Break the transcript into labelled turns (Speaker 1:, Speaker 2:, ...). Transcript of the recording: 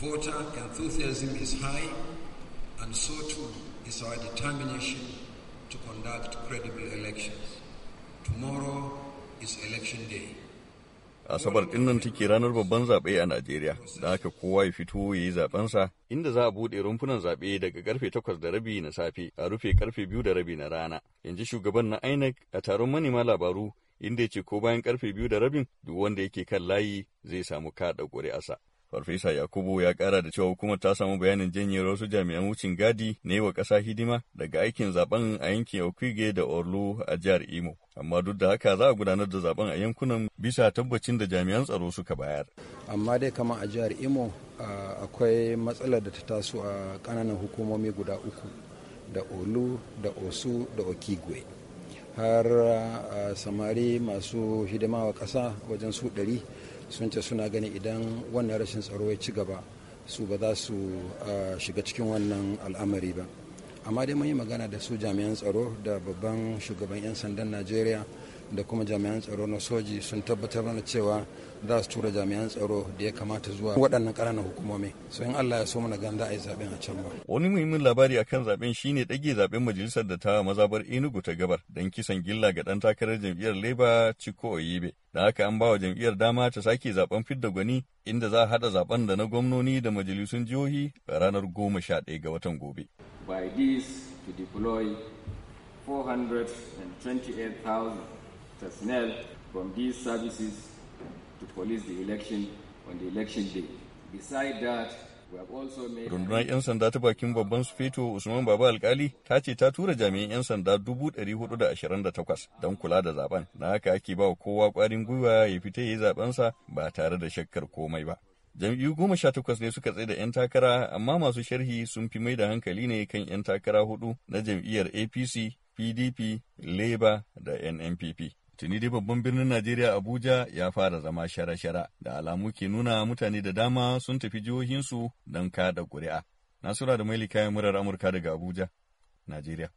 Speaker 1: voter enthusiasm is high, and so too is our determination to conduct credible elections. Tomorrow is election day.
Speaker 2: Asabar nan take ranar babban zaɓe a Najeriya, da haka kowa ya fito ya yi zaɓensa inda za a buɗe rumfunan zaɓe daga karfe takwas da rabi na safe a rufe karfe biyu da rabi na rana, yanzu shugaban na INEC a taron manema labaru inda ya ce ko bayan karfe biyu da rabin duk wanda yake kan layi zai samu kaɗa ƙuri'arsa. Farfesa Yakubu ya ƙara da cewa hukumar ta samu bayanin janyewar wasu jami'an wucin gadi na yi wa ƙasa hidima daga aikin zaben a yankin Okwige da Orlu a jihar Imo. Amma duk da haka za a gudanar da zaben a yankunan bisa tabbacin da jami'an tsaro suka bayar.
Speaker 1: Amma dai kama a jihar Imo akwai matsalar da ta taso a ƙananan hukumomi guda uku da Olu da Osu da Okigwe. har samari masu hidima wa ƙasa wajen su ɗari sun ce suna gani idan wannan rashin tsaro ya ci gaba su ba za su shiga cikin wannan al'amari ba amma dai mun yi magana da su jami'an tsaro da babban shugaban 'yan sandan najeriya da kuma jami'an tsaro na soji sun tabbatar mana cewa za su tura jami'an tsaro da ya kamata zuwa waɗannan ƙananan hukumomi so in Allah ya so mana ganda a yi zaɓen a can ba.
Speaker 2: Wani muhimmin labari akan zaɓen shine ɗage zaɓen majalisar da ta mazabar Enugu ta gabar don kisan gilla ga ɗan takarar jam'iyyar Labour ciko Oyibe. Da haka an bawa jam'iyyar dama ta sake zaɓen fidda gwani inda za a haɗa zaɓen da na gwamnoni da majalisun jihohi a ranar goma sha ɗaya ga watan gobe. By this to deploy 428,000 personnel from these services to police the election on the election day. Beside that, Rundunar 'yan sanda ta bakin babban sufeto Usman Baba Alkali ta ce ta tura jami'an 'yan sanda dubu da takwas don kula da zaben. Na haka ake ba kowa kwarin gwiwa ya fita ya yi sa ba tare da shakkar komai ba. Jam'iyyu goma sha takwas ne suka tsaye da 'yan takara amma masu sharhi sun fi mai da hankali ne kan 'yan takara hudu na jam'iyyar APC, PDP, Labour da NNPP. Tuni dai babban birnin Najeriya Abuja ya fara zama shara-shara da alamu ke nuna mutane da dama sun tafi jihohinsu don kada ƙuri'a. Nasura da Maili kayan murar Amurka daga Abuja, Najeriya.